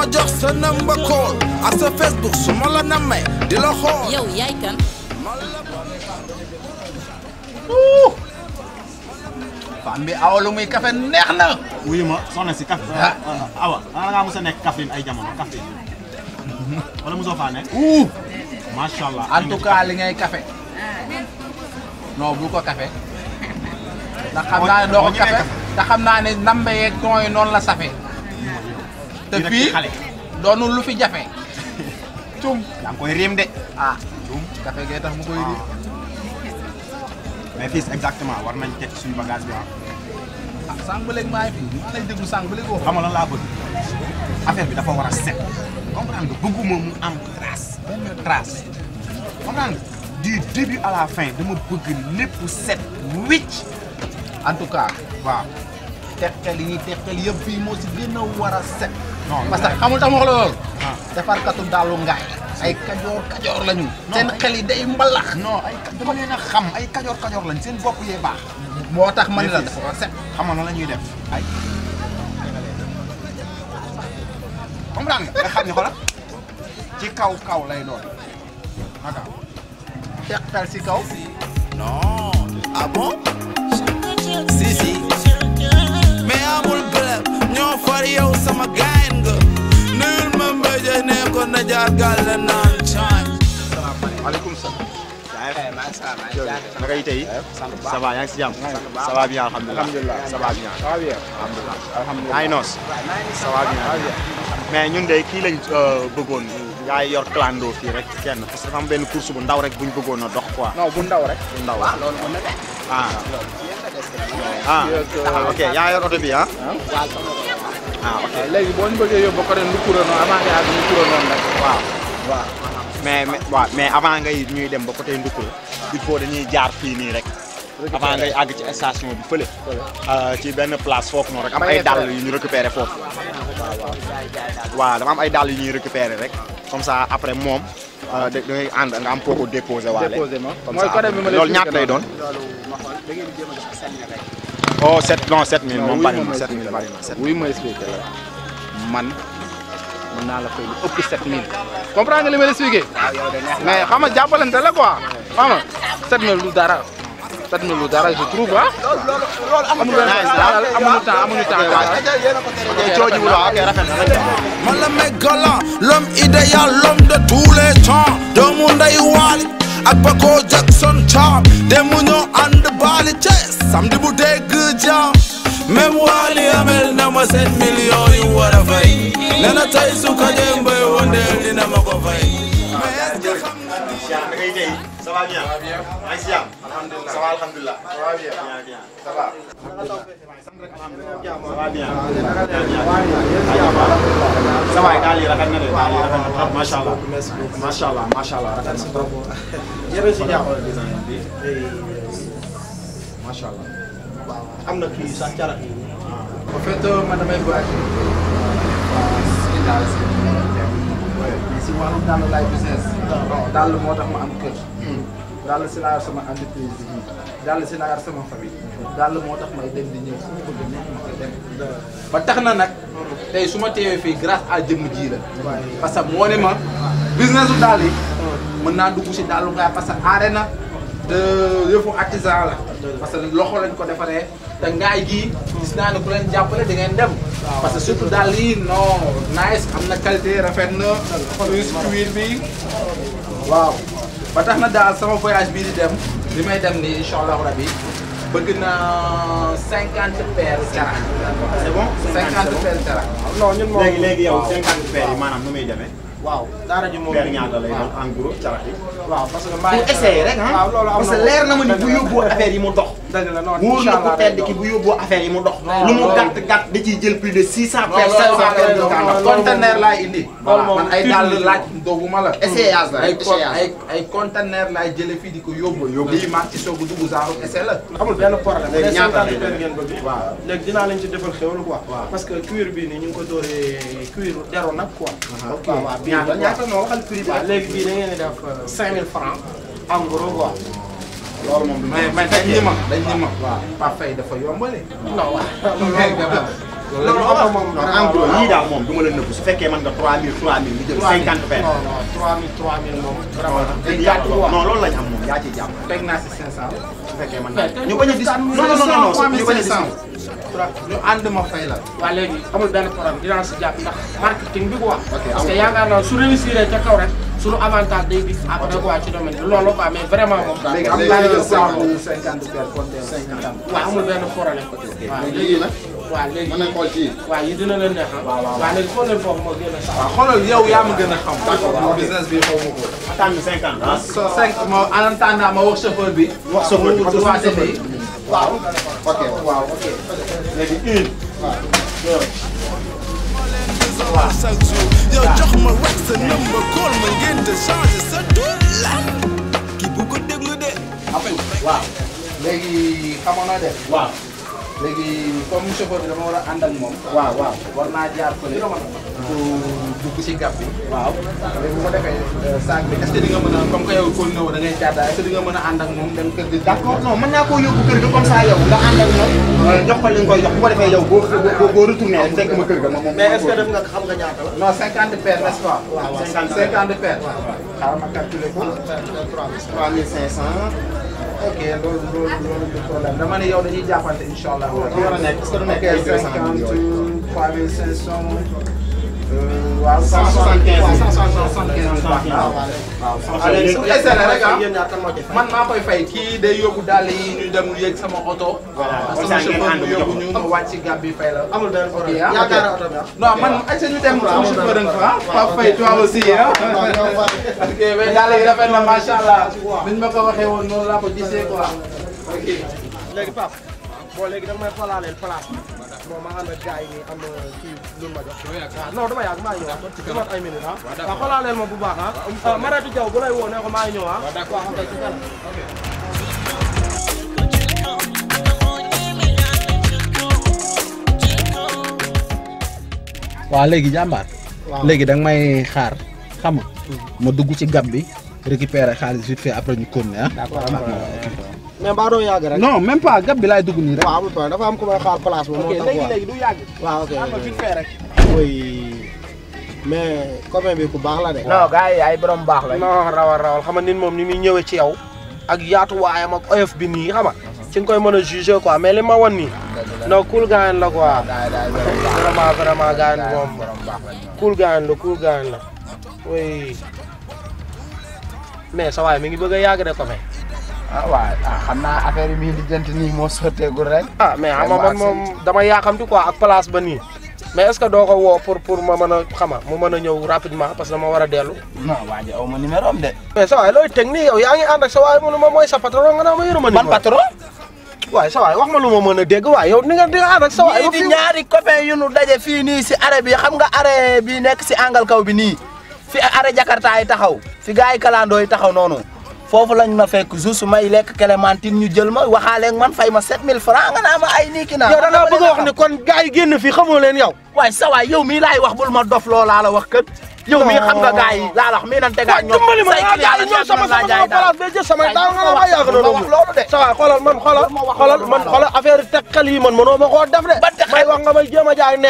ma jox sa number call ak sa Facebook su ma la namee di la xool. yow yaay bi awa lu neex na. wuyu ma soxna ah. li ngay café. non bu ko café. ndax xam naa ne doo ko café te xam naa noonu la safee. te fii doonul lu fi jafe. cum yaa ngi koy riim de. ah cum ah. mais fii exactement war nañ teg suñu bagage bi ah. ah sànq laa bëgg affaire bi dafa war a set. comprendre nga bëgguma mu am trace. trace comprendre nga à la fin dama bëgg lépp set wicc en tout cas waaw. teqal yi ñuy teqal yëpp fii moo si gën a war a set. parce que xamul tax ma wax la loolu. Ah. defarkatu daalu ngaay ay kajoor kajoor lañu. seen xel yi day mbalax. non ay dama xam ay kajoor kajoor seen bopp yee baax. moo tax ma la dafa war set. xam nga la ñuy def ay. comme daan nga xam ne xoolal ci kaw kaw lay doon naka. si kaw. non ah far yow sama gayen nga nul ma mbéje ne ko na jaar gàll naan caañ salaamaaleykum salaam na ngay tey ça va yaa ngi si jàmm ça va bien alhamdulilah ça va bien alhamdulilah yaa ngi noos ça va bien mais ñun de kii lañ euh, bëggoon gaa yi yor clando fii rek kenn parce que dafa am benn course bu ndaw rek buñ bëggoon a dox quoi non bu ndaw rek bu ndaw ah ah. Euh, ah ok yaa yor oto bi ah ah ok eh, waaw mais avant ngay ñuy dem ba côté Ndoukouré il faut dañuy jaar fii nii rek avant ngay àgg ci station bi fële euh, ci benn place foofu noonu rek am ay dàll yu ñu récupéré foofu ah, waa dama ay dàll yu ñuy récupéré rek comme sa après moom euh, da ngay ànd am foo ko déposé waale comme ça lay doon oh 7 non 7000 moom bari na 7000 bari na 7000 wuy ma expliqué la man mën naa la fay lu ëpp 7000. comprendre nga li ma la expliqué. Ah, mais xam nga jàppalante la quoi xam nga 7000 lu dara. 7000 lu dara je trouve ah. amul amuñu temps amuñu temps man la mec galant l'homme idéal l'homme de tous les temps doomu ndey waali ak Paco Jackson Cham démb ñoo ànd baali Thiès bu dégg jaam même Wally amel na ma seen millions yu war a fay nee na tey su dina ça va bien. ça va bien. maa ngi si jàmm. alhamdulilah ça va alhamdulilah. ça va bien. bien bien ça va. ça va bien. ça va daal yi rafet na de daal yi rafet na trop macha allah. merci beaucoup macha allah macha allah rafet na trop. jërëjëf si jàmm. macha allah. am na kii sax càlla kii. en fait man damay voyagé. si wàllu dàll laay business. bon dàll moo tax ma am kër. daal si laa yor sama entreprise bi daal si laa yor sama famille daal moo tax may dem di ñëw ba tax na nag tey su ma teewee fii grâce a jëm ji la parce que moo ne ma business su daal yi mën naa dugg si daalu ngaay parce que aare na te yëfu artisan parce que loxo lañ ko defaree te ngaay gii gis naa ne ku leen jàppale da ngeen dem parce que surtout dal yi non nice am na qualité rafet na plus cuir bi waaw ba tax na daal sama voyage bii di dem li may dem nii incha allahu bëgg naa cinquante paires carak. c'est bon cinquante paires carak. non ñun moom léegi léegi yow cinquante paires yi maanaam nu muy demee. waaw daara ji moom weer ñaata lay en gros carax yi. waaw parce que maa ngi essayé rek ah. waaw parce que leer na ma ni bu yóbboo affaire yi mu dox. dëgg la noonu wóor na ko tedd ki bu yóbboo affaire yi mu dox. lu mu gàtt gàtt da ciy jël plus de six cent personnes. loolu conteneur laay indi. man ay dàll laaj dooguma la. essayage la ay ay ay conteneur laay jëlee fii di ko yóbbu. yóbbu lii maa ci soog a dugg zaaru essai la. amul benn problème ñaata lay doon ngeen bëgg. waaw léegi dinaa leen ci defal xéwal quoi. parce que cuir bii nii ñu ko dooree cuir deru ñaata ñaata moo waxal prix bi. waaw léegi bii da ngeen di def 5000 francs en gros quoi. loolu moom mais mais dañ ni ma dañ ni ma. waaw parfait dafa yombale. non ma la nëbbu su fekkee mën nga 3000 3000 ñu jël 50 benn. non non 3000 3000 moom. vraiment yaa non loolu lañ am moom yaa ciy jàpp. teg naa si nga. ñu bañ a dis non non ñu bañ a dis ñu ànd ma fay la waaw amul benn problème dinaa si jàpp ndax marketing bi quoi parce que yaakaar naa su réussir ca kaw rek suñu avantage day gis après quoi ci domaine bi loolu quoi mais vraiment amul benn problème waaw léegi nag leen neex ah. waaw waaw léegi xoolal foofu moo gën a sax waaw xoolal yow yaa ma a xam bi xaw ma ko attendre cinquante ah. cinq ma en attendant ma wax chauffeur bi wax chauffeur waaw ok waaw ok léegi une. waaw deux. waaw. jox ma wax sa number call ma ngeen di changer sa tur la. kii bu ko de. waaw. léegi xamoon na def. waaw. léegi comme chauffeur bi dama war a ànd moom. waaw waaw war naa jaar fële. pour. dugg ci gàpp bi. waaw léegi bu ko defee euh, saag bi est-ce que di nga mën a comme que yow kon ñëw da ngay jaataay est-ce que di nga mën a ànd ak moom dem kër gi. d'accord non mën naa koo yóbbu kër ga comme ça yow nga ànd ak moom. Euh, jox ko li nga koy jox bu ko defee yow boo boo boo retourné rek fekk ma kër ga moom. mais est-ce que def nga xam nga ñaata la. non cinquante paires n'est-ce pas. waaw waaw cinquante paires. waaw waaw xaaral ma calculer ko. trois mille cinq cent. ok loolu loolu loolu du problème dama ne yow dañuy jàppante incha allah. war a nekk est-ce que du nekk ay deux cent millions waaw 175 175 waaw man maa koy fay kii day yóbbu dàll yi ñu dem yéeg sama oto. voilà sama chauffeur mu yóbbu ñu ma wàcc gàb bi fay la. amul benn problème yaakaar oto bi non man ayca ñu dem suñu chauffeur fa Pape Faye toi aussi ah. parce que dàll yi rafet na macha allah. biñ ma ko waxee woon noonu laa ko gisee quoi. ok léegi Pape bon léegi da nga may xoolaaleel place moom ma ànd ak gars yi nii euh, ma ngi ñëw ah. du léegi jàmbaar léegi da may xaar xam hmm. ma dugg ci gab bi récupérer xaalis vite fait après ñu continuer ah mais mbaa doo gab bi laay nii rek. waaw amul problème dafa am ku may xaar ba. ok léegi léegi du mais copain ku baax la de. non ay borom baax la. non rawal rawal xam nga nit moom ni muy ñëwee ci yow. ak yaatuwaayam ak oyof bi nii xam nga. koy mën a jugé quoi mais li ma wan nii. non cool gars la quoi. vraiment vraiment gars yi moom. cool gars la cool gars la. oui mais mi ngi bëgg yàgg de copain. ah waaw ah xam naa affaire yi muy lijjanti nii moo sotteegul rek. ah mais xam man moom dama yaakamti quoi ak place ba nii. mais est-ce que doo ko pour pour ma mën a xama mu mën a ñëw rapidement parce que dama war a dellu. non waa aw ma numéro de. mais sa looy teg nii yow yaa ngi ànd ak sa waay mu ne ma mooy sa patron naa ma yoruma. numéro ban patron. waaye sa wax ma lu ma mën a dégg waaye yow ni nga di nga ànd ak sa ñaari copain yu nu daje fii nii si arrêt bi xam nga arrêt bi nekk si kaw bi nii fi arrêt Jakarta yi taxaw fi gars yi kalandoo taxaw noonu foofu lañ ma fekk juste may lekk clémentine ñu jël ma waxaale ak man fay ma 7000 francs nga naa ma ay nii ki naa. yow da nga wax ne kon gars yi génn fii xamoo leen yow. waaye sa waay yow mii laay wax bul ma dof loolaa la wax kët. yow mii xam nga gars yi laa wax mii nan te gars sama sama place day jël sama daaw nga ma yàgg na loolu de sa xoolal man xoolal xoolal man xoolal affaire man mënoo ma koo def de may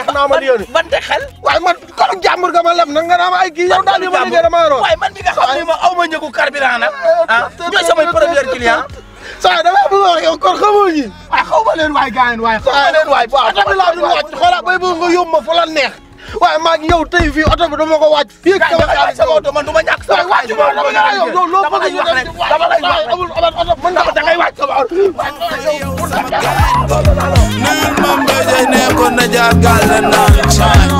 a waaye man kon jàmbur nga ma lem naa ma ay kii yow waaye man mi nga ma aw ma njëgu carburant nag eh, eh, ah. samay premier client saa dama bëgg wax yow kon xamoo waaye ah, xaw ma leen waay gars yi waay xaw ma leen neex waaye maa ngi yow tey fii oto bi dama ko wàcc fii ak sama oto man du ma ñàkk sama wàcc ma dama ñàkk yow loolu loo bëgg ñu def dama lay wax amul oto man dama da ngay wàcc sama oto naan mam mbay day nekkoon na jaar gàll naan